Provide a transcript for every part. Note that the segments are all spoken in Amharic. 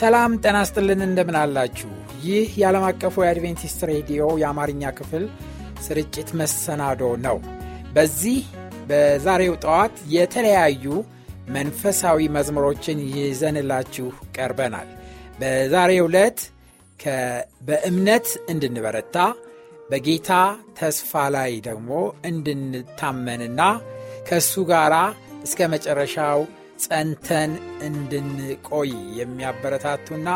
ሰላም ጤና ስጥልን፣ እንደምን አላችሁ? ይህ የዓለም አቀፉ የአድቬንቲስት ሬዲዮ የአማርኛ ክፍል ስርጭት መሰናዶ ነው። በዚህ በዛሬው ጠዋት የተለያዩ መንፈሳዊ መዝሙሮችን ይዘንላችሁ ቀርበናል። በዛሬው ዕለት በእምነት እንድንበረታ በጌታ ተስፋ ላይ ደግሞ እንድንታመንና ከእሱ ጋር እስከ መጨረሻው ጸንተን እንድንቆይ የሚያበረታቱና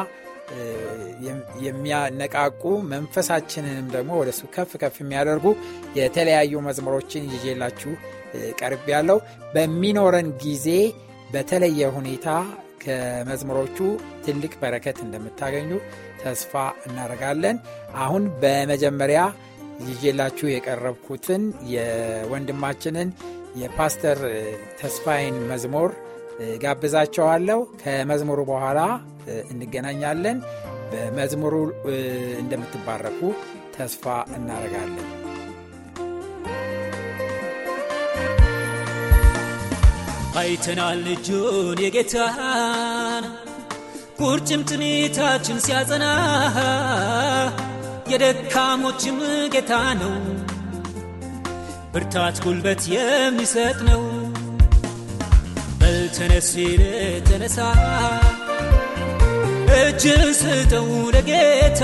የሚያነቃቁ መንፈሳችንንም ደግሞ ወደሱ ከፍ ከፍ የሚያደርጉ የተለያዩ መዝሙሮችን ይዤላችሁ ቀርብ ያለው በሚኖረን ጊዜ በተለየ ሁኔታ ከመዝሙሮቹ ትልቅ በረከት እንደምታገኙ ተስፋ እናደርጋለን። አሁን በመጀመሪያ ይዤላችሁ የቀረብኩትን የወንድማችንን የፓስተር ተስፋይን መዝሙር ጋብዛቸዋለሁ። ከመዝሙሩ በኋላ እንገናኛለን። በመዝሙሩ እንደምትባረኩ ተስፋ እናደርጋለን። አይተናል እጁን የጌታን ቁርጭምጭሚታችን ሲያጸና የደካሞችም ጌታ ነው፣ ብርታት ጉልበት የሚሰጥ ነው። ይለኛል ተነስ ተነሳ እጅን ስጠው ለጌታ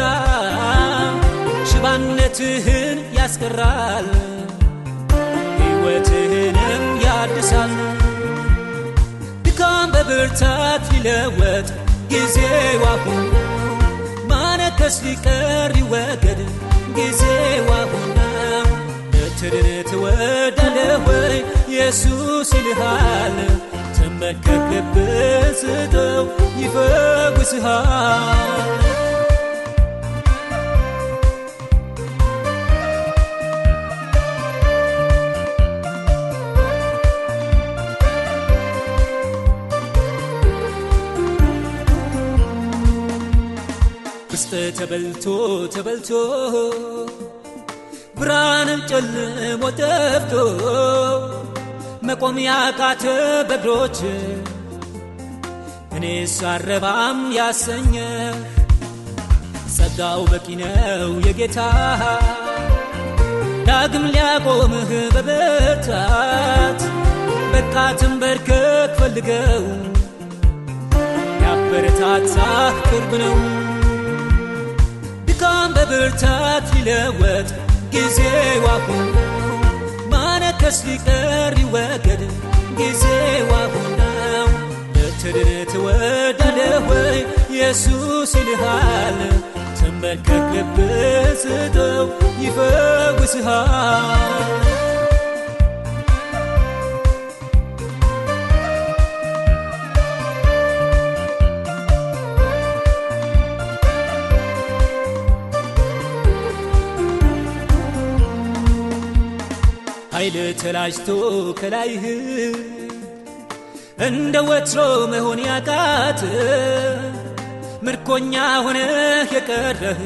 ሽባነትህን ያስቀራል ሕይወትህንም ያድሳል ድካም በብርታት ሊለወጥ ጊዜው አሁን ማነከስ ሊቀር ይወገድ ጊዜው አሁን ልትድን ትወዳለህ ወይ ኢየሱስ ይልሃል መርከብ ልብስተው ይፈውስሃል ውስጥ ተበልቶ ተበልቶ ብርሃንም ጨልሞ ጠፍቶ መቆም ያቃተ በግሮች እኔ አረባም ያሰኘ ጸጋው በቂ ነው የጌታ ዳግም ሊያቆምህ በበታት በቃትም በርከት ፈልገው ያበረታታህ ቅርብ ነው ድካም በብርታት ሊለወጥ ጊዜ አሁን መድረስ ሊቀር ይወገድ ጊዜው አሁን ነው። ልትድን ትወዳለህ ወይ? ኢየሱስ ይልሃል። ተንበርከክ፣ ልብህ ስጠው፣ ይፈውስሃል። ኃይል ተላጅቶ ከላይህ እንደ ወትሮ መሆን ያቃት ምርኮኛ ሆነህ የቀረህ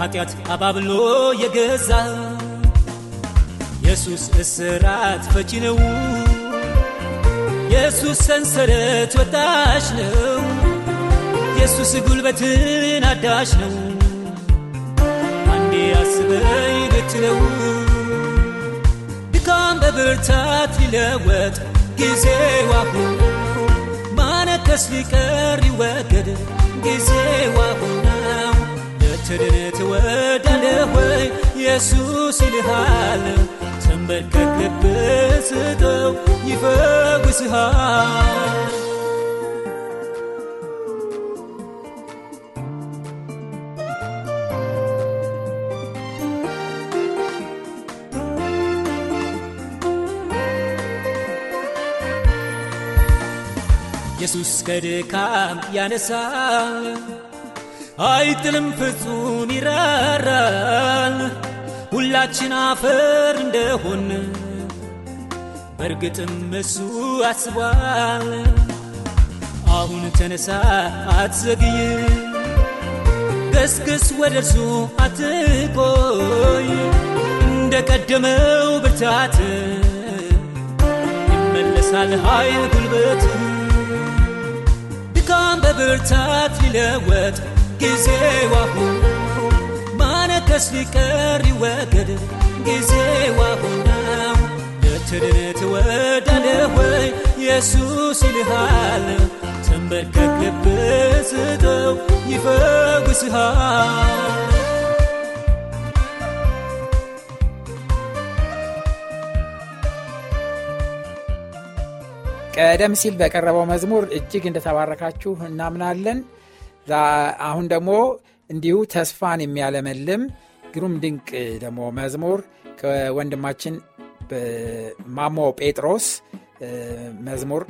ኃጢአት አባብሎ የገዛ ኢየሱስ እስራት ፈቺ ነው። ኢየሱስ ሰንሰለት ወጣሽ ነው። ኢየሱስ ጉልበትን አዳሽ ነው። አንዴ አስበይ ብትለው በብርታት ሊለወጥ ጊዜው አሁን ማነከስ ሊቀር ሊወገድ ጊዜው አሁን ነው። ልትድን ትወዳለህ ወይ? ኢየሱስ ይልሃል። ተንበርከክ ልብህ ስጠው ይፈውስሃል። ኢየሱስ ከድካም ያነሳል፣ አይጥልም ፍጹም ይራራል። ሁላችን አፈር እንደሆን በእርግጥም እሱ አስቧል። አሁን ተነሳ፣ አትዘግይ፣ ገስገስ ወደ እርሱ አትቆይ። እንደ ቀደመው ብርታት ይመለሳል ኃይል ጉልበት በብርታት ሊለወጥ ጊዜው አሁን ማነከስ ሊቀር ይወገድ ጊዜው አሁን ነው። ልትድን ትወዳለህ ወይ? ኢየሱስ ይልሃል። ተንበርከክ ልብ ስጠው ይፈውስሃል። ቀደም ሲል በቀረበው መዝሙር እጅግ እንደተባረካችሁ እናምናለን። አሁን ደግሞ እንዲሁ ተስፋን የሚያለመልም ግሩም ድንቅ ደግሞ መዝሙር ከወንድማችን ማሞ ጴጥሮስ መዝሙር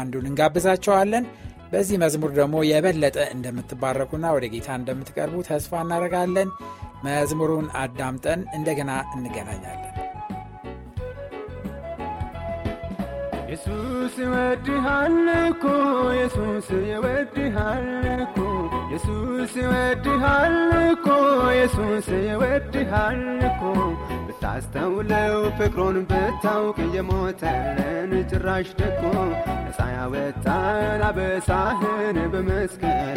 አንዱን እንጋብዛቸዋለን። በዚህ መዝሙር ደግሞ የበለጠ እንደምትባረኩና ወደ ጌታ እንደምትቀርቡ ተስፋ እናደርጋለን። መዝሙሩን አዳምጠን እንደገና እንገናኛለን። ኢየሱስ ይወድሃል እኮ ኢየሱስ ይወድሃል እኮ ኢየሱስ ይወድሃል እኮ ኢየሱስ ይወድሃል እኮ ብታስተውለው ፍቅሩን ብታውቅ የሞተልን ጭራሽ ደቆ ነፃ ያወጣን አበሳህን በመስቀሉ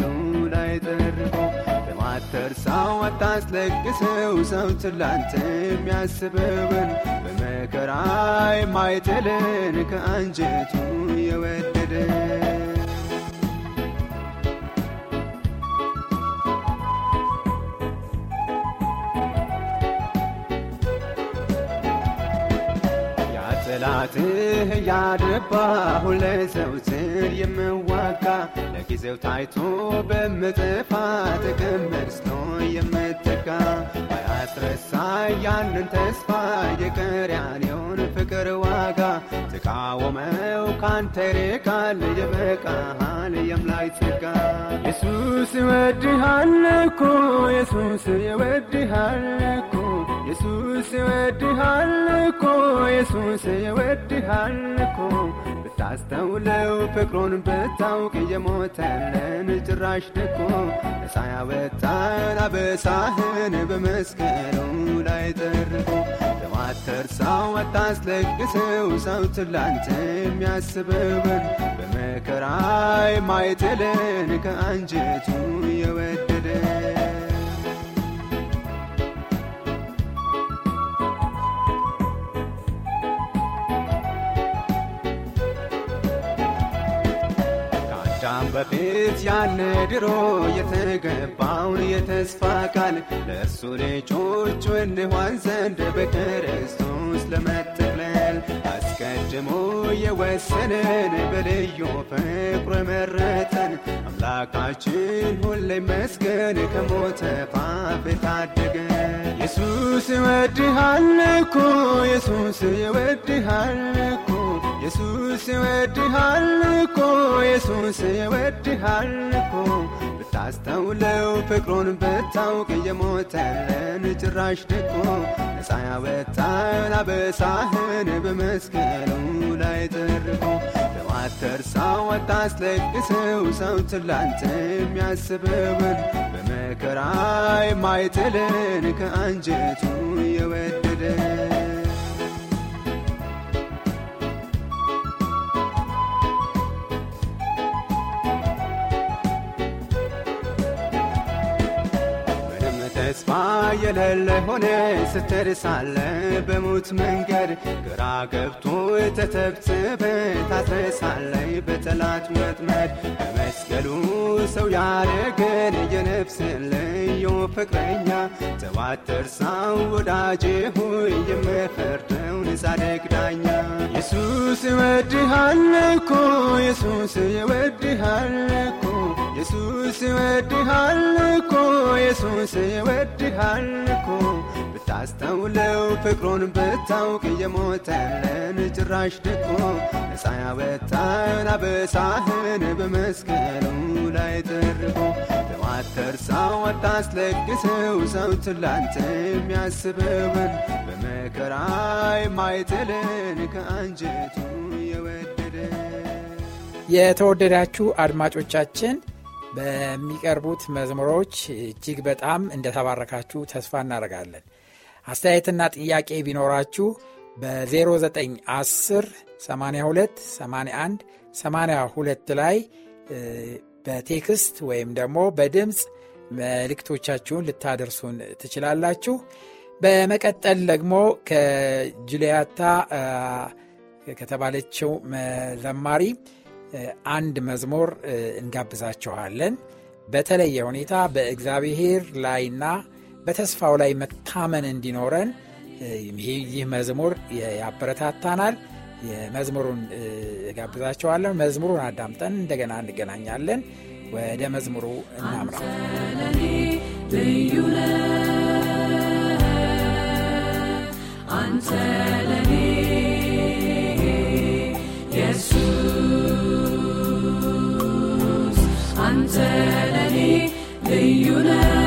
እርሳው አታስለቅሰው ሰው ትላንት የሚያስበውን በመከራ የማይጥልን ከአንጀቱ የወደደን ጠላትህ ያደባ ሁለት ሰው የምዋጋ ለጊዜው ታይቶ በምጥፋ ጥቅም የምትጋ ያስረሳ ያንን ተስፋ ይቅር ፍቅር ዋጋ ተቃወመው ካንተ ርቃል ይበቃሃል የአምላክ ጸጋ ኢየሱስ ይወድሃል እኮ ኢየሱስ ይወድሃል እኮ ኢየሱስ ይወድሃል እኮ ኢየሱስ ይወድሃል እኮ አስተውለው ፍቅሩን ብታውቅ እየሞተልን ጭራሽ ደኮ ነፃ ወጣን አበሳህን በመስቀሉ ላይ ጠርቆ ለማተርሳው አታስለግሰው ሰው ትላንት የሚያስብብን በመከራ የማይጥልን ከአንጀቱ የወደደን ከዚያም በፊት ያን ድሮ የተገባውን የተስፋ ቃል ለእርሱ ልጆቹ እንሆን ዘንድ በክርስቶስ ለመጠቅለል አስቀድሞ የወሰነን በልዩ ፍቅሩ መረጠን አምላካችን ሁሌ መስገን ከሞተ ፋፍ ታደገን። ኢየሱስ ይወድሃል እኮ ኢየሱስ ይወድሃል እኮ ኢየሱስ ይወድሃል እኮ ኢየሱስ ይወድሃል እኮ ብታስተውለው ፍቅሩን ብታውቅ እየሞተለን ጭራሽ ደቆ ነፃ ያወጣን አበሳህን በመስቀሉ ላይ ጠርቆ አተርሳው አታስለቅሰው ሰው ትላንት የሚያስብብን በመከራ የማይጥልን ከአንጀቱ የወደደን ተስፋ የሌለ ሆነ ስትርሳለ በሞት መንገድ ግራ ገብቶ ተተብትበ ታስረሳለ በጠላት መጥመድ በመስቀሉ ሰው ያደረገን የነፍስን ልዩ ፍቅረኛ ተዋትር ሳው ወዳጄ ሆይ የምፈርደውን ጻድቅ ዳኛ ኢየሱስ እወድሃለሁ የሱስ ይወድሃል እኮ የሱስ ይወድሃል እኮ የሱስ ይወድሃል እኮ ብታስተውለው ፍቅሩን ብታውቅ የሞተልን ጭራሽ ደቆ ነፃ ያወጣን አበሳህን በመስቀሉ ላይ ተርቆ ተማተርሳው አታስለግሰው ሰው ትላንት የሚያስበውን በመከራ የማይጥልን ከአንጀቱ የወድ የተወደዳችሁ አድማጮቻችን በሚቀርቡት መዝሙሮች እጅግ በጣም እንደተባረካችሁ ተስፋ እናደርጋለን። አስተያየትና ጥያቄ ቢኖራችሁ በ0910 82 81 82 ላይ በቴክስት ወይም ደግሞ በድምፅ መልእክቶቻችሁን ልታደርሱን ትችላላችሁ። በመቀጠል ደግሞ ከጁልያታ ከተባለችው መዘማሪ። አንድ መዝሙር እንጋብዛችኋለን። በተለየ ሁኔታ በእግዚአብሔር ላይና በተስፋው ላይ መታመን እንዲኖረን ይህ መዝሙር ያበረታታናል። መዝሙሩን እጋብዛቸዋለን። መዝሙሩን አዳምጠን እንደገና እንገናኛለን። ወደ መዝሙሩ እናምራለን። አንተ ለኔ زانني لينا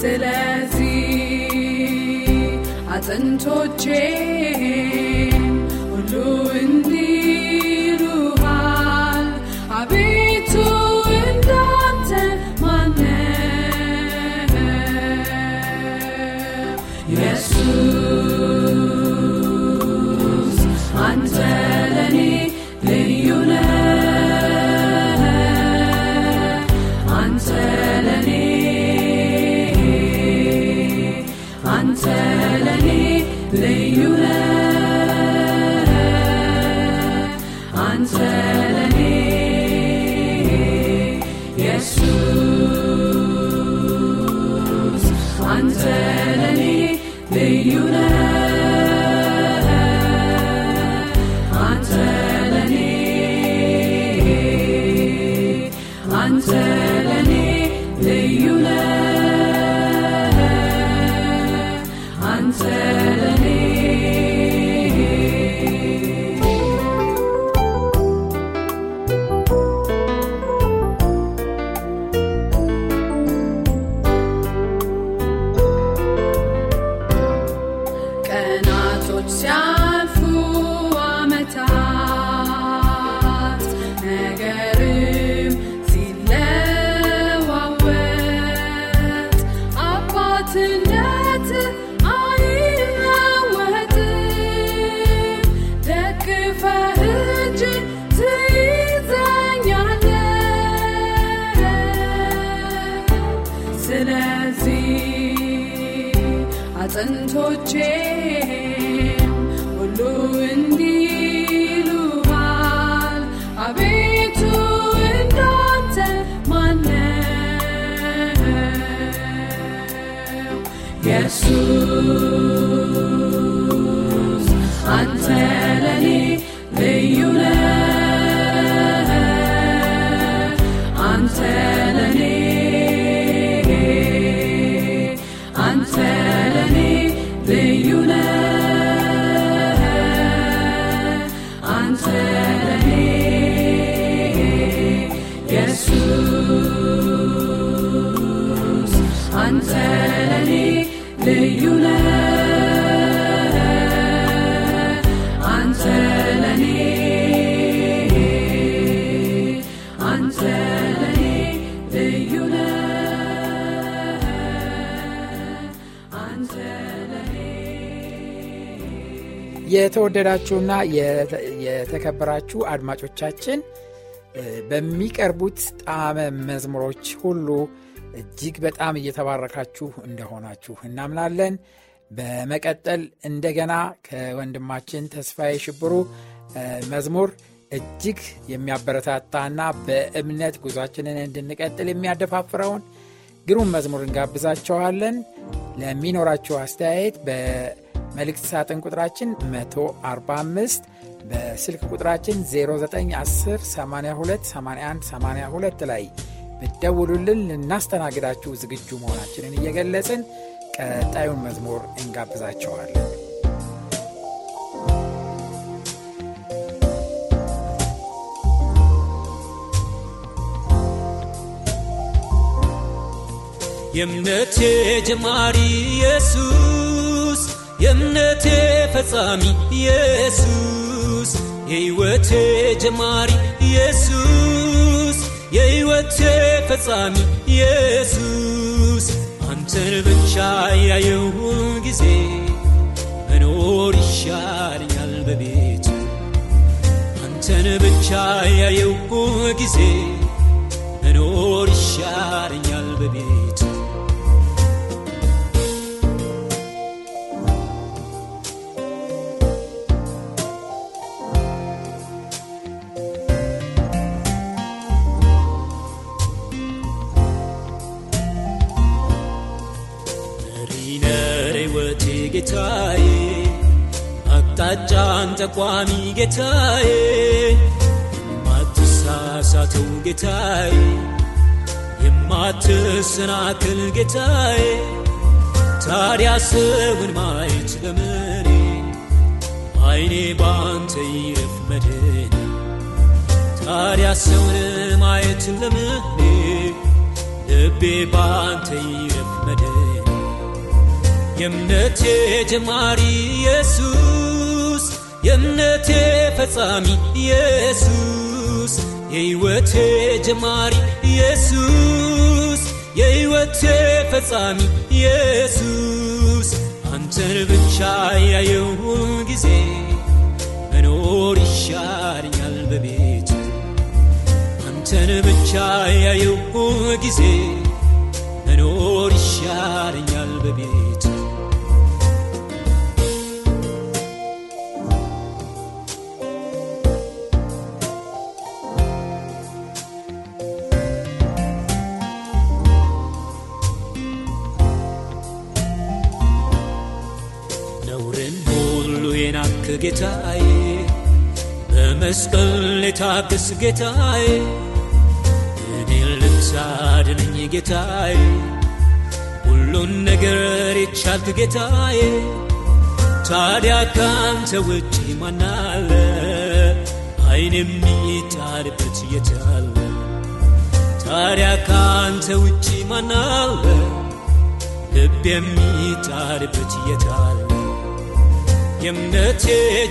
ስለዚህ አጥንቶቼ ሁሉ እንዲሩሃል አቤት until Jesus, anteleni የተወደዳችሁና የተከበራችሁ አድማጮቻችን በሚቀርቡት ጣመ መዝሙሮች ሁሉ እጅግ በጣም እየተባረካችሁ እንደሆናችሁ እናምናለን። በመቀጠል እንደገና ከወንድማችን ተስፋዬ ሽብሩ መዝሙር እጅግ የሚያበረታታና በእምነት ጉዟችንን እንድንቀጥል የሚያደፋፍረውን ግሩም መዝሙር እንጋብዛቸዋለን ለሚኖራችሁ አስተያየት መልእክት ሳጥን ቁጥራችን 145 በስልክ ቁጥራችን 0910828182 ላይ ብትደውሉልን ልናስተናግዳችሁ ዝግጁ መሆናችንን እየገለጽን ቀጣዩን መዝሙር እንጋብዛቸዋለን። የእምነቴ ጀማሪ ኢየሱስ የእምነቴ ፈጻሚ ኢየሱስ የሕይወቴ ጀማሪ ኢየሱስ የሕይወቴ ፈጻሚ ኢየሱስ አንተን ብቻ ያየው ጊዜ መኖር ይሻልኛል በቤቱ አንተን ብቻ ያየው ጊዜ መኖር ይሻል ጌታዬ አቅጣጫን ጠቋሚ ጌታዬ የማትሳሳተው ጌታዬ የማትሰናክል ጌታዬ ታዲያ ሰውን ማየት ለምኔ አይኔ ባንተ ይረፍ መድን ታዲያ ሰውን ማየት ለምኔ ልቤ ባንተ ይረፍ መድን የእምነቴ ጀማሪ ኢየሱስ የእምነቴ ፈጻሚ ኢየሱስ የሕይወቴ ጀማሪ ኢየሱስ የሕይወቴ ፈጻሚ ኢየሱስ አንተን ብቻ ያየውን ጊዜ መኖር ይሻልኛል በቤት አንተን ብቻ ያየው ጊዜ መኖር ይሻለኛል በቤት ጌታዬ በመስቀል የታገስ ጌታዬ እኔን ልታድነኝ ጌታዬ ሁሉን ነገር የቻልክ ጌታዬ ታዲያ ካንተ ውጪ ማናለ አይን የሚጣልበት የታለ ታዲያ ካንተ ውጪ ማናለ ልብ የሚጣልበት የታለ የእምነቴ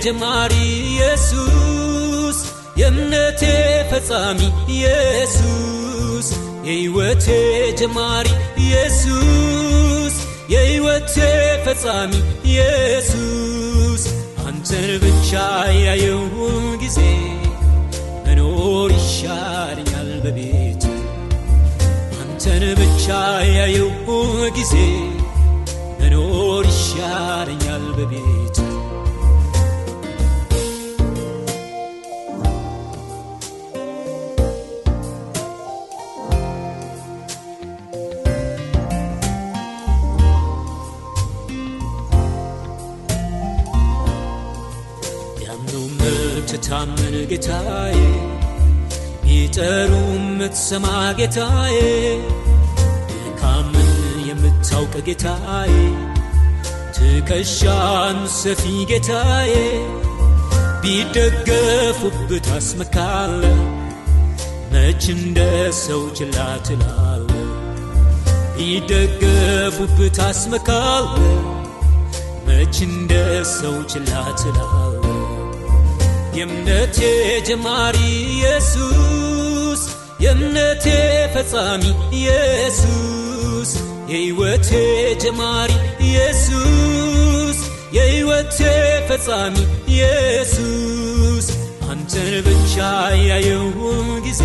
ጀማሪ ኢየሱስ የእምነቴ ፈጻሚ ኢየሱስ የሕይወቴ ጀማሪ ኢየሱስ የሕይወቴ ፈጻሚ ኢየሱስ አንተን ብቻ ያየውን ጊዜ መኖር ይሻለኛል በቤት አንተን ብቻ ያየውን ጊዜ መኖር ይሻለኛል በቤት የምታመን ጌታዬ ቢጠሩ የምትሰማ ጌታዬ ድካምን የምታውቅ ጌታዬ ትከሻን ሰፊ ጌታዬ ቢደገፉብት አስመካለ መች እንደ ሰው ችላ ትላለ ቢደገፉብት አስመካለ መች እንደ ሰው ችላ ትላለ የእምነቴ ጀማሪ ኢየሱስ የእምነቴ ፈጻሚ ኢየሱስ የሕይወቴ ጀማሪ ኢየሱስ የሕይወቴ ፈጻሚ ኢየሱስ አንተን ብቻ ያየውም ጊዜ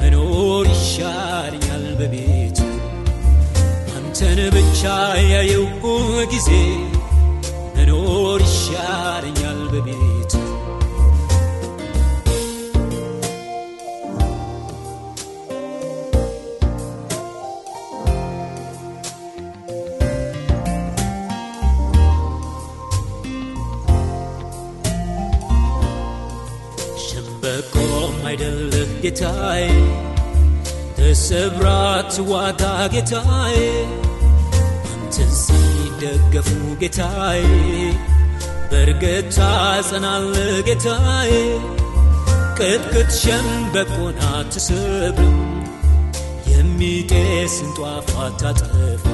መኖር ይሻልኛል በቤቱ አንተን ብቻ ያየውም ጊዜ መኖር ይሻልኛል ጌታዬ ተሰብራት ትዋጣ ጌታዬ አንተን ሲደገፉ ጌታዬ በእርግታ ጸናለ ጌታዬ ቅጥቅጥ ሸምበቆን አትሰብርም የሚጤስን ጧፍ ታጠፋ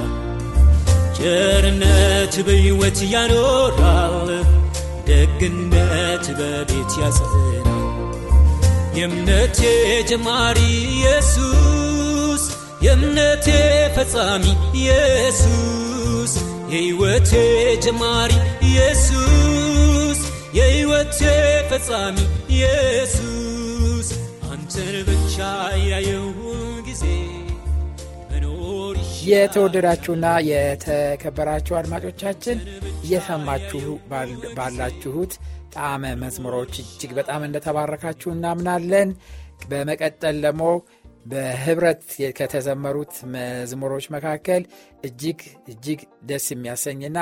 ቸርነት በሕይወት ያኖራል ደግነት በቤት ያጸናል የእምነቴ ጀማሪ ኢየሱስ የእምነቴ ፈጻሚ ኢየሱስ የሕይወቴ ጀማሪ ኢየሱስ የሕይወቴ ፈጻሚ ኢየሱስ አንተን ብቻ ያየውን ጊዜ የተወደዳችሁና የተከበራችሁ አድማጮቻችን እየሰማችሁ ባላችሁት ጣመ መዝሙሮች እጅግ በጣም እንደተባረካችሁ እናምናለን። በመቀጠል ደግሞ በህብረት ከተዘመሩት መዝሙሮች መካከል እጅግ እጅግ ደስ የሚያሰኝና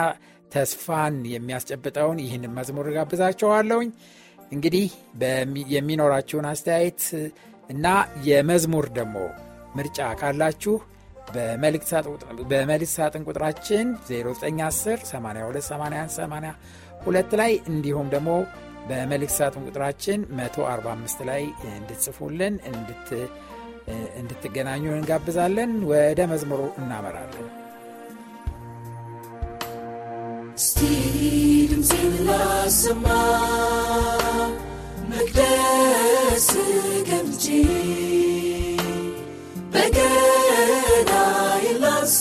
ተስፋን የሚያስጨብጠውን ይህንን መዝሙር ጋብዛችኋለሁኝ። እንግዲህ የሚኖራችሁን አስተያየት እና የመዝሙር ደግሞ ምርጫ ካላችሁ በመልእክት ሳጥን ቁጥራችን 0910 ሁለት ላይ እንዲሁም ደግሞ በመልእክት ሳጥን ቁጥራችን 145 ላይ እንድትጽፉልን እንድትገናኙ እንጋብዛለን። ወደ መዝሙሩ እናመራለን። እስቲ መቅደስ ገብቼ በገናዬን ላንሳ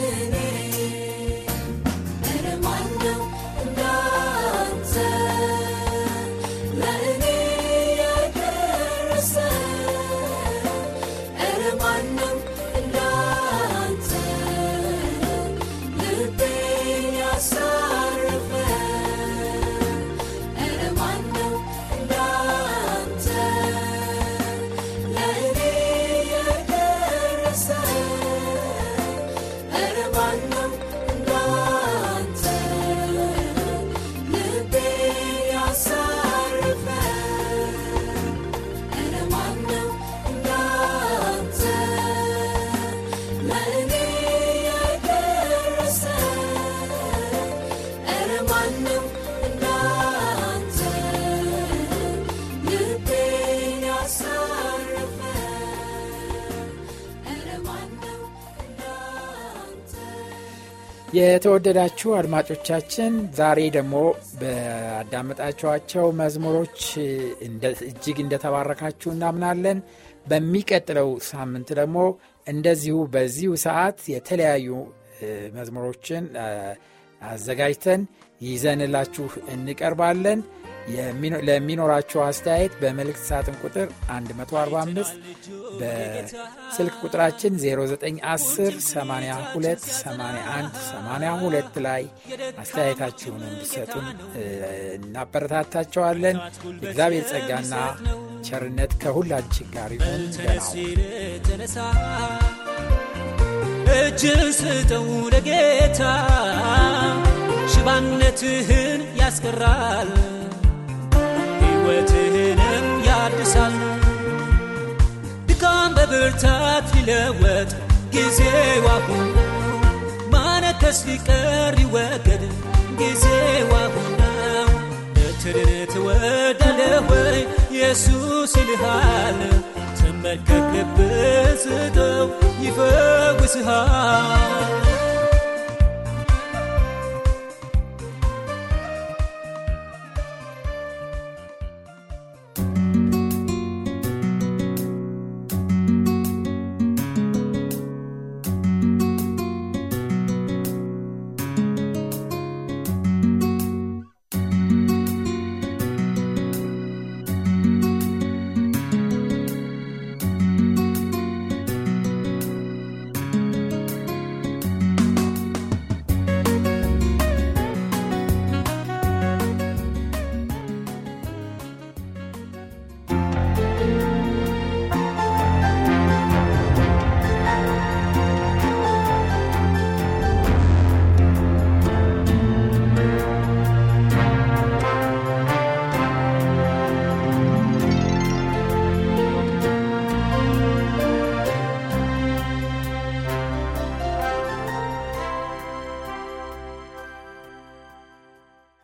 የተወደዳችሁ አድማጮቻችን ዛሬ ደግሞ በአዳመጣችኋቸው መዝሙሮች እጅግ እንደተባረካችሁ እናምናለን። በሚቀጥለው ሳምንት ደግሞ እንደዚሁ በዚሁ ሰዓት የተለያዩ መዝሙሮችን አዘጋጅተን ይዘንላችሁ እንቀርባለን። ለሚኖራቸው አስተያየት በመልእክት ሳጥን ቁጥር 145 በስልክ ቁጥራችን 0910 82 81 82 ላይ አስተያየታችሁን እንዲሰጡን እናበረታታቸዋለን። እግዚአብሔር ጸጋና ቸርነት ከሁላችን ጋር ይሁን። ተነሳ እጅ ስጠው ለጌታ ሽባነትህን ያስቀራል። ሕይወትህንም ያድሳል። ድካም በብርታት ይለወጥ ጊዜው አሁን፣ ማነከስ ሊቀር ይወገድ ጊዜው በትርን ትወዳለህ ወይ ኢየሱስ ይልሃል። ተመልከት፣ ስጠው፣ ይፈውስሃል።